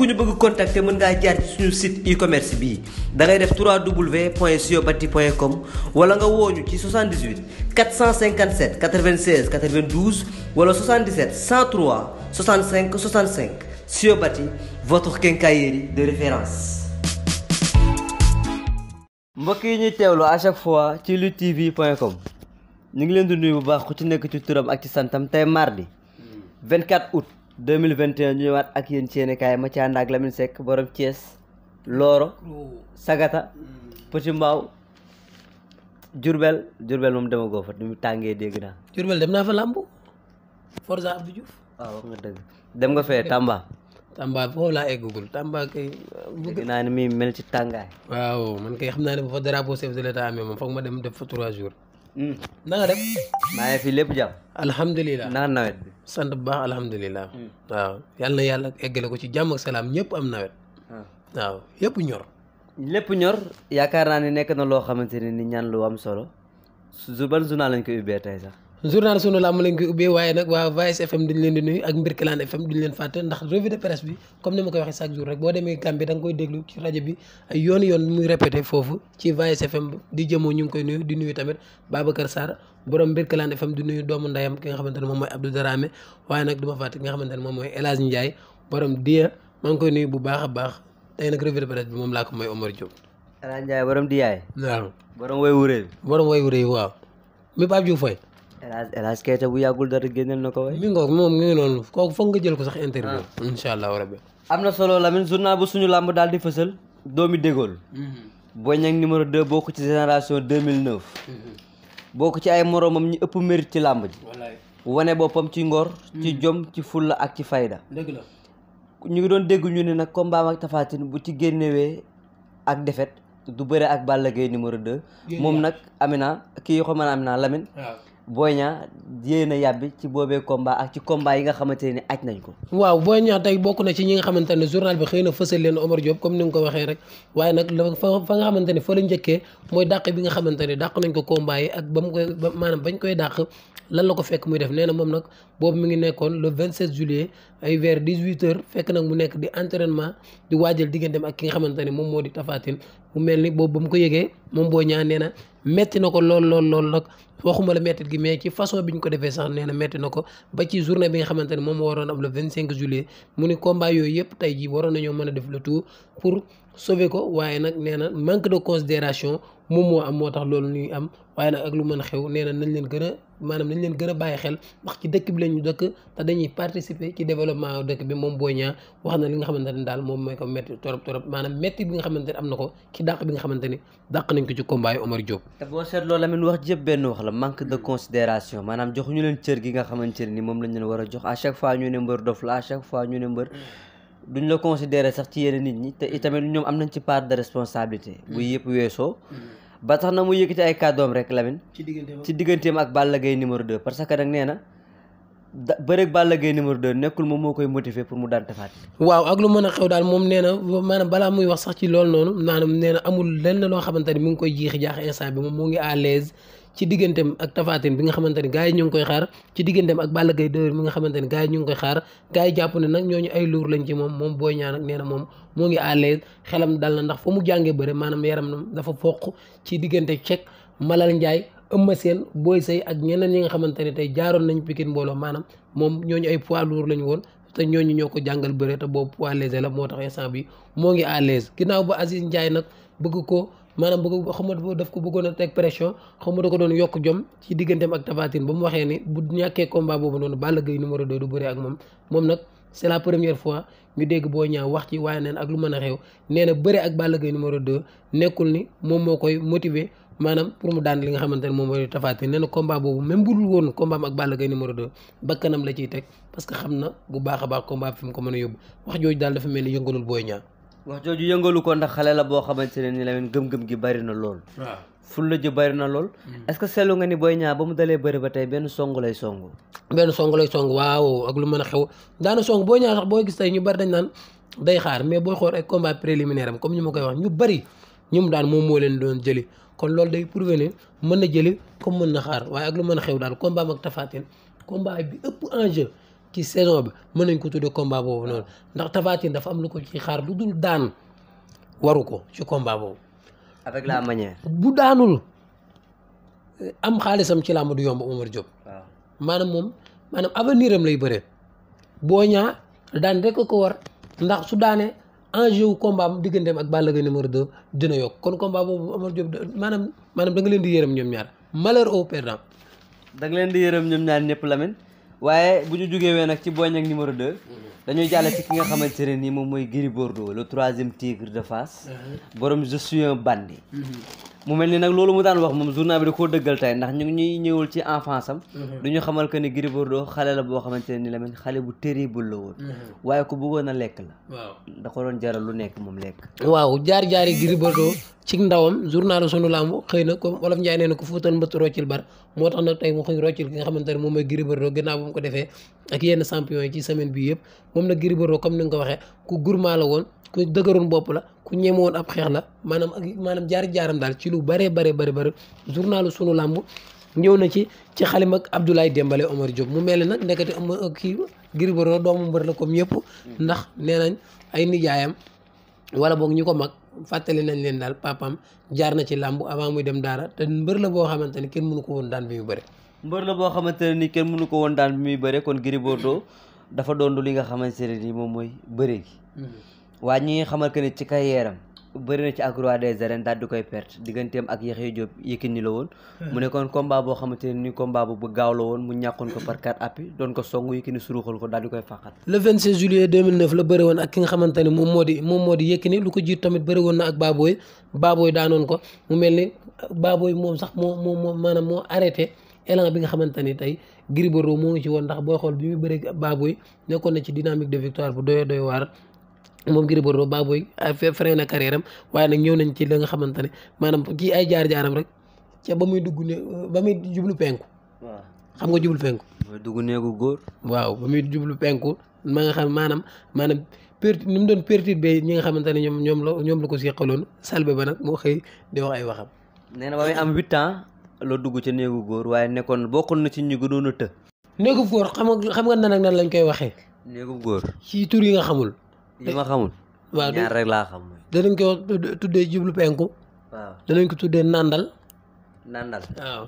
ku ñu bëgg contacter mën ngaa jaar ci suñu site e-commerce bii da ngay def 3w point siobati point com wala nga wooñu ci 78 457 96 92 wala 77 103 65 65 siobati votre quincaillerie de référence. mbokk yi ñuy teewlu à chaque fois ci luttetv.com ñu ngi leen di nuyu bu baax ku ci nekk ci turam ak ci santam tey mardi 24 août. 2021 ñu ñëwaat ak yéen ceene ma ci ànd ak Lamine Seck borom Thiès Loro Sagata Petit Mbao Diourbel Diourbel moom dama goo tàngee dégg naa Diourbel dem fa làmb Forza Abdou ah, nga dëgg dem nga fee Tamba Tamba foofu laa eggagul Tamba kay. naa ne mi mel ci tàngaay. waaw man kay xam naa ne bu fa drapeau chef de l'état amee moom foog ma dem def fa trois jours. na nga def. maa ngi fi lépp jàmm. alhamdulilah naa nawet sant bu baax alhamdulilah. waaw yàlla yàlla eggale ko ci jàmm ak salaam ñëpp am nawet. waaw yëpp ñor. lépp ñor yaakaar naa ni nekk na loo xamante ne ni ñaan lu am solo su ban journal lañ koy ubbee sax. journal sunu làmb lañ koy ubbee waaye nag waa VS FM dañ leen di nuyu ak Mbirkilaan FM duñ leen fàtte ndax revue de presse bi comme ni ma koy waxee chaque jour rek boo demee Gambie da koy déglu ci rajo bi ay yoon yoon muy répété foofu ci VS FM di jëmoo ñu ngi koy nuyu di nuyu tamit Babacar Sarr borom Mbirkilaan FM di nuyu doomu ndayam ki nga xamante ne moom mooy Abdou Darame waaye nag du fàtte ki nga xamante moom mooy El Hadj Ndiaye borom Dia koy nuyu bu baax a baax tey nag revue de presse bi moom laa ko mooy Omar Diop. El Hadj Ndiaye borom Dia. waaw borom woy wuree. Elage Keita bu yàggul dara génneel na ko way mi ngoog moom ngi noonu kooku foog nga jël ko sax interview ah. incha allahu rabbi am na solo lamin journal bu suñu làmb daal di fësal doomi dégool mm-hmm. Boy Niang numéro 2 bokk ci génération boo mm-hmm. bokk ci ay moroomam ñi ëpp mérite ci làmb ji wane boppam ci ngor ci mm-hmm. jom ci fulla ak ci fayda dëgg la ñu ngi doon dégg ñu ne nag combat ak Tapha Tine bu ci génnewee ak defet du bëre ak Balla Gaye numéro 2 moom nag Amina kii xaw ma Amina Boy Niang yéen yàbbi ci boobee combat ak ci combat yi nga xamante ne aj nañ ko. waaw Boy Niang tey bokk na ci ñi nga xamante ne journal bi xëy na fësal leen Omar Diop comme ni nga ko waxee rek waaye nag fa fa nga xamante ne la njëkkee mooy dàq bi nga xamante ne dàq nañ ko combat yi ak ba mu koy maanaam bañ koy dàq lan la ko fekk muy def nee na moom nag boobu mi ngi nekkoon le 27 juillet ay vers 18 heures fekk nag mu nekk di entraînement di waajal digganteem ak ki nga xamante ne moom moo di Tapha mu mel ni boobu ba mu ko yegee moom boo Niang nee na metti na ko lool lool lool nag waxuma la mettit gi mais ci façon bi ñu ko defee sax nee na metti na ko ba ci journée bi nga xamante ne moom waroon am le 25 juillet mu ni combat yooyu yëpp tey jii waroon nañoo mën a def le tout pour sauvé ko waaye nag nee na manque de considération moom moo am moo tax loolu ñuy am waaye nag ak lu mën xew nee na nañ leen gën a maanaam nañ leen gën a bàyyi xel dëkk bi lañu dëkk te dañuy participer ci développement dëkk moom Boy Niang wax na li nga xamante ne daal moom mooy ko métti torop torop maanaam métti bi nga xamante ne am na ko ci dàq bi nga xamante ni dàq nañ ko ci combat yi Omar Diop te boo seetloo Lamine wax jëpp benn wax la manque de considération maanaam jox ñu leen cër gi nga xamante ne ni moom lañ leen war a jox à chaque fois ñu ne mbër dof la à chaque fois ñu ne mbër duñ la considérer sax ci yenn nit ñi te itamit ñoom am nañ ci part de responsabilité mm. bu yëpp weesoo mm. ba tax na mu yëkkati ay kàddoom rek Lamine ci digganteem ak Balla Gaye numéro 2 parce que nag nee na da bëreeg Balla Gaye numéro 2 nekkul moom moo koy motiver pour mu daan Tapha Tine. waaw ak lu mën a xew daal moom nee na maanaam balaa muy wax sax ci lool noonu maanaam nee na amul lenn loo xamante ni mu ngi koy jiixi jaax instant bi moom moo ngi à ci digganteem ak Taphatine bi nga xamante ne gars yi ñu ngi koy xaar ci digganteem ak Balla Gaye 2 mi nga xamante ne gars yi ñu ngi koy xaar gars yi jàpp ne nag ñooñu ay luur lañ ci moom moom Boy Niang nag nee moo ngi à l'aise xelam ndax fa mu jàngee bëre maanaam yaram dafa foq ci diggante Cheikh Malal Ndiaye Eumeu seen booy Sèye ak ñeneen ñi nga xamante ne tey jaaroon nañ Pikine mbooloo maanaam moom ñoo ñooñu ay poids lourd lañ woon te ñooñu ñoo ko jàngal bëre te boobu poids la moo tax instant bi moo ngi à l'aise ginnaaw ba Aziz Ndiaye nag bëgg ko maanaam bëgg xaw ma daf ko bëggoon a teg pression xaw ma da ko doon yokk jom ci digganteem ak Tapha ba mu waxee ni bu ñàkkee combat boobu noonu Balla Gaye numéro 2 ak moom moom nag c'est la première fois ñu dégg Boy Niang wax ci waaye neen ak lu mën a xew nee na bëre ak Balla Gaye numéro nekkul ni moom moo koy motiver maanaam pour mu daan li nga xamante ne moom mooy Tapha Tine nee na combat boobu même bu dul woon combat am ak Balla Gaye numéro 2 bakkanam la ciy teg parce que xam na bu baax a baax combat bi fi mu ko mën a yóbbu wax jooju daal dafa mel ni yëngalul Boy Niang wax jooju yëngalu ko ndax xale la boo xamante ne ni Lamine gëm-gëm gi bari na lool. waaw fulla ji bari na lool. Mm. est-ce que seetlu nga ni booy ñaar ba mu dalee bëri ba tey benn song lay song. benn song lay song waaw ak lu mën a xew daana song Boy Niang sax boo gis tey ñu dañ naan day xaar mais booy xool ay combat préliminaire am comme ñu ma koy wax ñu bari ñu moom moo leen doon jëli kon loolu day prouver ne mën na jëli comme mën na xaar waaye ak lu mën a xew daal combat am ak Tapha Tine bi ëpp enjeu ci saison bi mën nañ ko tuddee combat boobu noonu ndax Tapha Tine dafa am lu ko ci xaar lu dul daan waru ko ci combat boobu. avec bu daanul am xaalisam ci làmb du yomb Omar Diop. waaw maanaam moom maanaam avenir am lay bëree. boo ñaa daan rek ko war ndax su daanee enjeu wu combat am digganteem ak Balla Gaye dina yokk kon combat boobu Omar Diop maanaam maanaam da nga leen di yërëm ñoom ñaar malheur au perdant. da leen di yërëm ñoom ñaar ñëpp Lamine. waaye bu ñu jógewee nag ci Boy Niang numéro 2 mhm. dañuy jàll ci ki nga xamante ne nii moom mooy Gris Bordeaux le troisième tigre de Fass mhm. borom je suis un mu mel ni nag loolu mu daan wax moom journal bi da koo dëggal tey ndax ñu ngi ñuy ci enfance mhm. du ñu xamal que ni Gris xale la boo xamante ne ni la mel xale bu terrible la mhm. waaye ku a lekk la waaw da doon jaral lu nekk moom lekk waaw jaar jaari Gris Bordeaux ci ndawam journalu sunu lamb xëy na comme wolof Njaay nee na ko fóotoon mbëtt roccil bar moo tax nag tey mu xëy roccil ki nga xamante ne moom mooy Gris Bordeaux gannaaw bu mu ko defee ak yenn champion yi ci semaine bi yëpp moom nag Gris Bordeaux comme ni nga ko waxee ku gourmand la woon ku dëgëroon bopp la ku ñeme ab xeex la maanaam ak maanaam jaar jaaram daal ci lu bare bare bare bare journalu suñu làmb ñëw na ci ci xalim ak Abdoulaye Dembale Omar Diop mu mel ne nag nekkati am kii Gris Bordeaux doomu mbër la comme ñëpp ndax nee nañ ay nijaayam wala boog ñi ko mag fàttali nañ leen daal papam jaar na ci làmb avant muy dem daara te mbër la boo xamante ne kenn mënu ko woon daan bi muy bëre. mbër la boo xamante ne ni kenn mënu ko woon daan bi muy bëre kon Gris Bordeaux dafa doon lu li nga xamante ne moom mooy bëre gi. Mm-hmm. waa ñi xamal que ni ci carrière am bëri na ci ak roi des arènes daal di koy perte digganteem ak Yaxya Diop Yékini la woon. Hmm. mu nekkoon combat boo xamante ne ni combat bu gaaw la woon mu ñàkkoon ko par quatre appuis doon ko song Yékini suruxal ko daal di koy fàqat. la bëri woon ak ne moom moo di moom moo lu ko jiit tamit bëri woon na ak Baboy Baboy daanoon ko mu mel ni Baboy moom sax moo moo moo maanaam moo arrêté. élan bi nga xamante ni tey Gris Bordeaux moo ngi ci woon ndax booy xool bi muy bëre Baboy na ci dynamique de victoire bu doyoo doy waar moom Gris Bordeaux Baboy freiné na carrière am waaye nag ñëw nañ ci la nga xamante ne maanaam kii ay jaar-jaaram rek ca ba muy dugg ne ba jublu penku. waaw xam nga jublu penku. dugg néegu góor. waaw muy jublu penku ma nga xam maanaam maanaam perti ni mu doon perturbé ñi nga xamante ne ñoom ñoom la ñoom la ko seqaloon salbe ba nag moo xëy di wax ay waxam. nee na ba muy am huit ans la dugg ca néegu góor waaye nekkoon bokkoon na ci ñu gënoon a të. néegu góor xam nga xam nga nan ak lañ koy waxee. néegu góor. ci tur yi nga xamul. yi ma xamul. waaw ñaar rek laa ko tuddee jublu penku. waaw danañ ko tuddee nàndal. nàndal waaw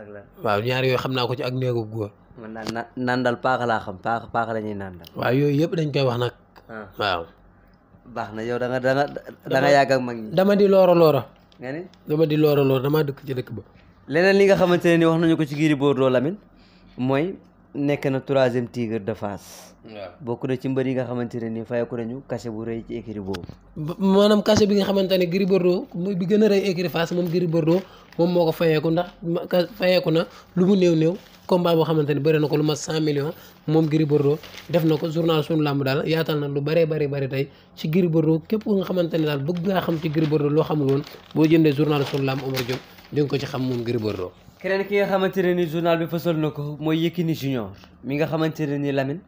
ak lan waaw ñaar yooyu xam naa ko ci ak néegu góor. man daal nàndal paaka laa xam la ñuy nàndal. waaw yooyu yëpp dañ koy wax nag. Ah. waaw. na yow da nga da nga ak mag dama di looro looro. dama di looro looro dama dëkk ci dëkk ba. leneen li nga xamante ne ni wax nañu ko ci Gris Bordeaux Lamine mooy. nekk na troisième tigre de Fass. waaw bokk na ci mbër yi nga xamante ne nii fayeku nañu cachet bu rëy ci écurie boobu. maanaam cachet bi nga xamante ne Gris Bordeaux bi gën a rëy écurie Fass moom Gris moom moo ko fayeeku ndax fayeeku na lu mu néew néew combat boo xamante ne bëri na ko lu ma cent millions moom Gris Bordeaux def na ko journal suñu làmb daal yaatal na lu bari bëri bëri tey ci Gris Bordeaux képp nga xamante ne daal bëgg ngaa xam ci Gris Bordeaux loo xamul woon boo jëndee journal suñu ko ci xam moom Gris Bordeaux keneen ki nga xamante ne ni journal bi fësal na ko mooy Yékini Junior mi nga xamante ne ni Lamine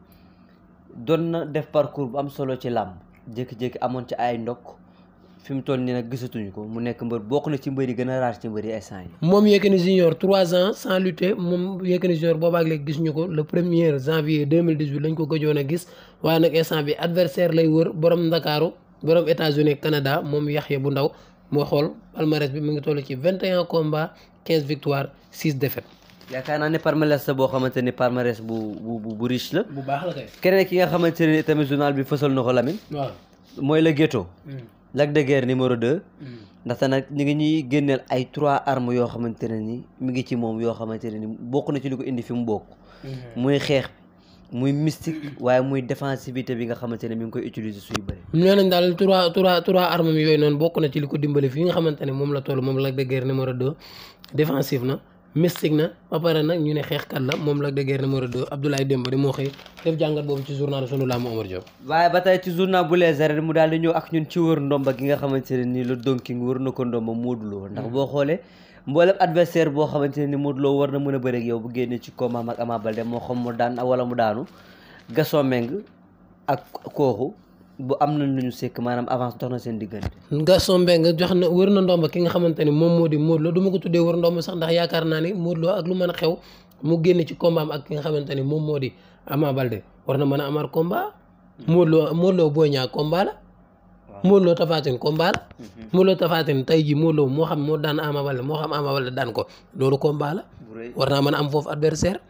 doon na def parcours bu am solo ci làmb jékki-jékki amoon ci ay ndokk fi mu toll nii nag gisatuñu ko mu nekk mbër bokk na ci mbër yi gën a raar ci mbër yi instant yi moom Yékini Junior trois ans sans lutter moom Yékini Junior boobaak léegi gisuñu ko le premier janvier 2018 lañ ko gëjoon a gis waaye nag instant bi adversaire lay wër borom Ndakaaru borom États-Unis Canada moom Yaxya bu ndaw moo xool palmarès bi mu ngi toll ci 21 combats quinze victoire six défaites. yaakaar naa ne palmarès la boo xamante ni palmarès bu bu bu riche la. bu la kay. keneen ki nga xamante ni tamit journal bi fësal na ko mooy la Gétto. Hmm. Lac de Guiers numéro 2. Hmm. ndaxte nag ñu ngi ñuy génneel ay trois armes yoo xamante ni mu ngi ci moom yoo xamante ne ni bokk na ci li ko indi fi bokk. Hmm. muy xeex. muy mystique waaye muy défensivité bi nga xamante ne mi ngi koy utiliser suy bëri. nee nañ daal trois trois trois armes yooyu noonu bokk na ci li ko dimbali fii nga xamante ne moom la toll moom Lac de Guiers numéro 2 défensive na mystique na ba pare nag ñu ne xeexkat la moom Lac de Guiers numéro 2 Abdoulaye Dembélé moo xëy def jàngat boobu ci journal sunu laamu Omar Diop. waaye ba tey ci journal bu les arènes mu daal di ñëw ak ñu ci wër ndomba gi nga xamante ne nii la donking na ko ndomba Modou Lo ndax boo xoolee. mboolem adversaire boo xamante ne ni Modou Lo war na mën a bëre ak yow bu génnee ci combat ak Ama Baldé xam mu daan wala mu daanu Gaston Mbengue ak kooku bu am nañ lu ñu maanaam avance dox na seen diggante. Gaston Mbengue jox na wër na ndomba ki nga xamante ne moom moo di Modou Lo du ko tuddee war wër ndomba sax ndax yaakaar naa ne Modou Lo ak lu mën a xew mu génne ci combat ak ki nga xamante ni moom moo di Ama Baldé war na mën a amaat combat. Modou Lo Modou Lo Boy Niang combat Modou Lo Tapha Tine combat la. Mhm. Modou Lo Tapha Tine tey jii Modou moo xam moo daan Ama Baldé moo xam Ama Baldé daan ko loolu combat la. war naa mën a am foofu adversaire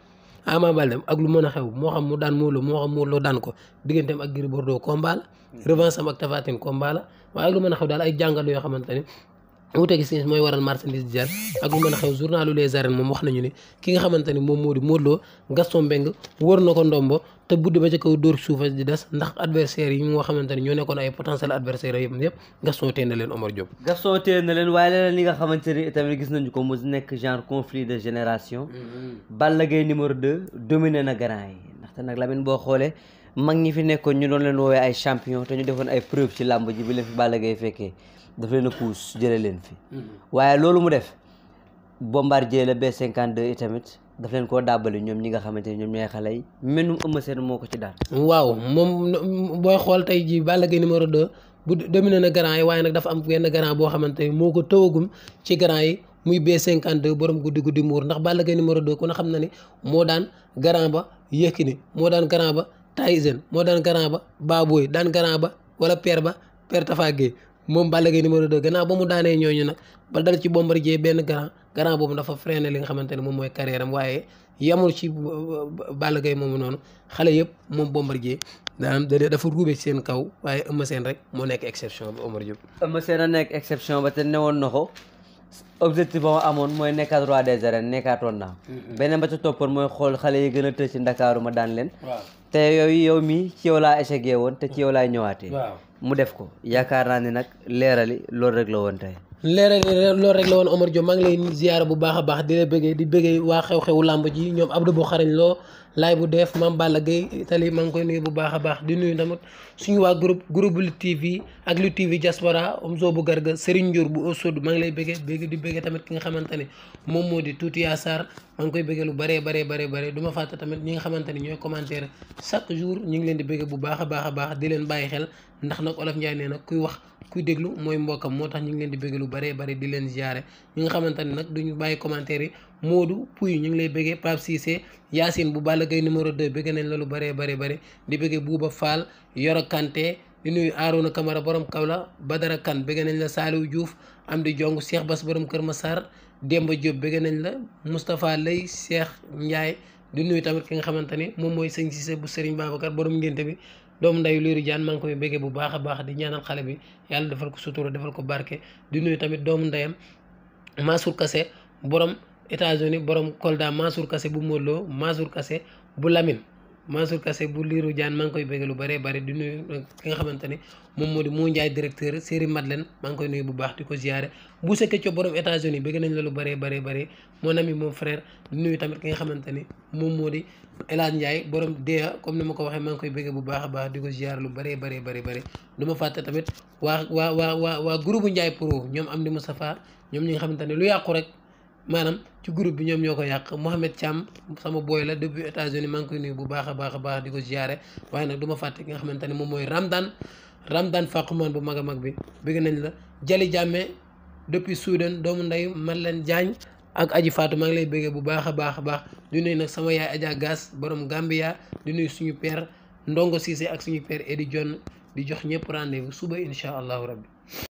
Ama Baldé ak lu mën a xew moo xam mu daan Modou Lo moo xam Modou Lo daan ko digganteem ak Gris Bordeaux combat la. Mhm. revanche am ak Tapha Tine combat la ak lu mën a xew daal ay jàngal yoo xamante ni wute gis mooy waral marchandise jar ak a xew journalu Les Arènes moom wax nañu ne ki nga xamante ni moom moo di Modou Lo Gaston Mbengue wër na ko ndombo te buddi ba ca kaw dóor suufa di des ndax adversaire yi nga xamante ni ñoo nekkoon ay potentiel adversaire yëpp yëpp Gaston téye leen Omar leen waaye leneen nga xamante ni tamit gis nañu ko mu nekk genre conflit de génération mm-hmm. Balla Gaye numéro 2 dominé na grand yi ndaxte nag Lamine boo xoolee mag ñi fi nekkoon ñu doon leen woowee ay champion te ñu defoon ay preuve ci làmb ji bi leen fi Balla Gaye fekkee daf leen a puus jëlee leen fi. Mm-hmm. waaye loolu mu def bombardier la B52 itamit daf leen koo dàbbali ñoom ñi nga xamante ne ñoom ñooy xale yi. menum Eumeu Sène moo ko ci daal. waaw moom booy xool tey jii Balla Gaye numéro de bu dominé na garant yi waaye nag dafa am benn garant boo xamante ni moo ko tëwagum ci garant yi. muy B52 borom guddi guddi muur ndax Balla Gaye numéro 2 ku ne xam na ni moo daan garant ba Yékini moo daan garant ba Tyson moo daan garant ba Baboy daan garant ba wala père ba père moom Balla Gaye numéro 2 gannaaw ba mu daanee ñooñu nag ba dal ci Bombardier benn grand grand boobu dafa freiné li nga xamante ne moom mooy carrière waaye yamul ci euh, euh, Balla Gaye moomu noonu xale yëpp moom bombar Bombardier daanam dafa ruube ci seen kaw waaye Eumeu seen rek moo nekk exception ba Omar Diop. Eumeu Sène a nekk exception ba te newoon na ko. objectif ba ma amoon mooy nekkaat roi des arènes nekkaatoon naa beneen ba ca toppoon mooy xool xale yi gën a tëj ci ndakaaru daan leen te yooyu yow mii ci yow laa échec woon te ci yow laay ñëwaatee mu def ko yaakaar naa ne nag leerali loolu rek la woon tey leerali loolu rek la woon Omar Diop maa ngi lay ziyaara bu baax a baax di la bëggee di bëggee waa xew-xewu làmb ji ñoom Abdou bu xarañ loo laay bu deef maam Balla Gueye tali maa ngi koy nuyu bu baax a baax di nuyu tamit suñu waa groupe groupe Lutte TV ak Lutte TV Diaspora Omzo bu Garga Serigne njur bu Osod maa ngi lay bëggee bëgg di bëggee tamit ki nga xamante ne moom moo di Tuuti Yaasar maa koy bëggee lu bëree baree baree bare du ma fàtte tamit ñi nga xamante ni ñooy commentaire chaque jour ñu ngi leen di bëggee bu baax a baax a baax di leen bàyyi xel ndax nag olof Njaay nee na kuy wax kuy déglu mooy mbokkam moo tax ñu ngi leen di bëggee lu bëree bëri di leen ziare ñi nga xamante ni nag duñu bàyyi commentaire yi Modou Pouy ñu ngi lay bëggee Pape Cissé Yacine bu Balla Gaye numéro 2 bëggee nañ la lu bëree bëri bëri di bëggee Bouba Fall Yoro Kanté di nuyu Arouna Camara borom Kaolack Badara Kane bëgg nañ la Saliou juuf am di jong Cheikh Bass borom Kër ma sar Demba Diop bëgg nañ la Moustapha Lay Cheikh Ndiaye di nuyu tamit ki nga xamante ni moom mooy sëñ Cissé bu Serigne Babacar borom ngénte bi doomu ndeyu liiru Diane maa ngi koy bëggee bu baax a baax di ñaanal xale bi yàlla defal ko sutura defal ko barke di nuyu tamit doomu ndeyam Mansour kase borom États-Unis borom Kolda Mansour Kassé bu Modou Lo Mansour Kassé bu Lamine Mansour Kassé bu liiru jaan maa ngi koy bëgg lu bëree bëri di nuyu ki nga xamante ne moom moo di moo njaay directeur série Madeleine maa ngi koy nuyu bu baax di ko ziare bu sekkee co borom États-Unis bëgg nañ la lu bëree bëree bëri mon ami mon frère di nuyu tamit ki nga xamante ni moom moo di El Hadj borom DEA comme ni ma ko waxee maa ngi koy bëgg bu baax a baax di ko ziare lu bëree bëree bëri bëri du ma fàtte tamit waa waa waa waa waa groupe Ndiaye Pro ñoom am di Moustapha ñoom ñi nga xamante ne lu yàqu rek maanaam ci groupe bi ñoom ñoo ko yàq Mouhamed Thiam sama booy la depuis États-Unis maa nii bu baax a baax a baax di ko ziare waaye nag duma ma fàtte ki nga xamante ne moom mooy ramdaan Ramdan Faquman bu mag a mag bi bëgg nañ la Jali Jàmme depuis Soudan doomu nday man leen Diagne ak aji Fatou maa lay bëggee bu baax a baax a baax di nuyu nag sama yaay Adja Gass borom Gambia di nuyu suñu père Ndongo Cissé ak suñu père Edi John di jox ñëpp rendez-vous suba incha allahu rabbi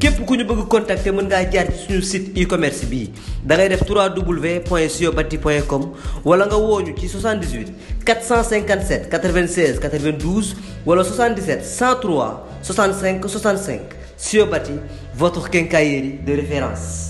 képp ku ñu bëgg contacter mën ngaa jaar ci suñu site e-commerce bii da ngay def 3w point siobati point com wala nga wooñu ci 78 457 96 92 wala 77 103 65 65 siobati votre quincaillerie de référence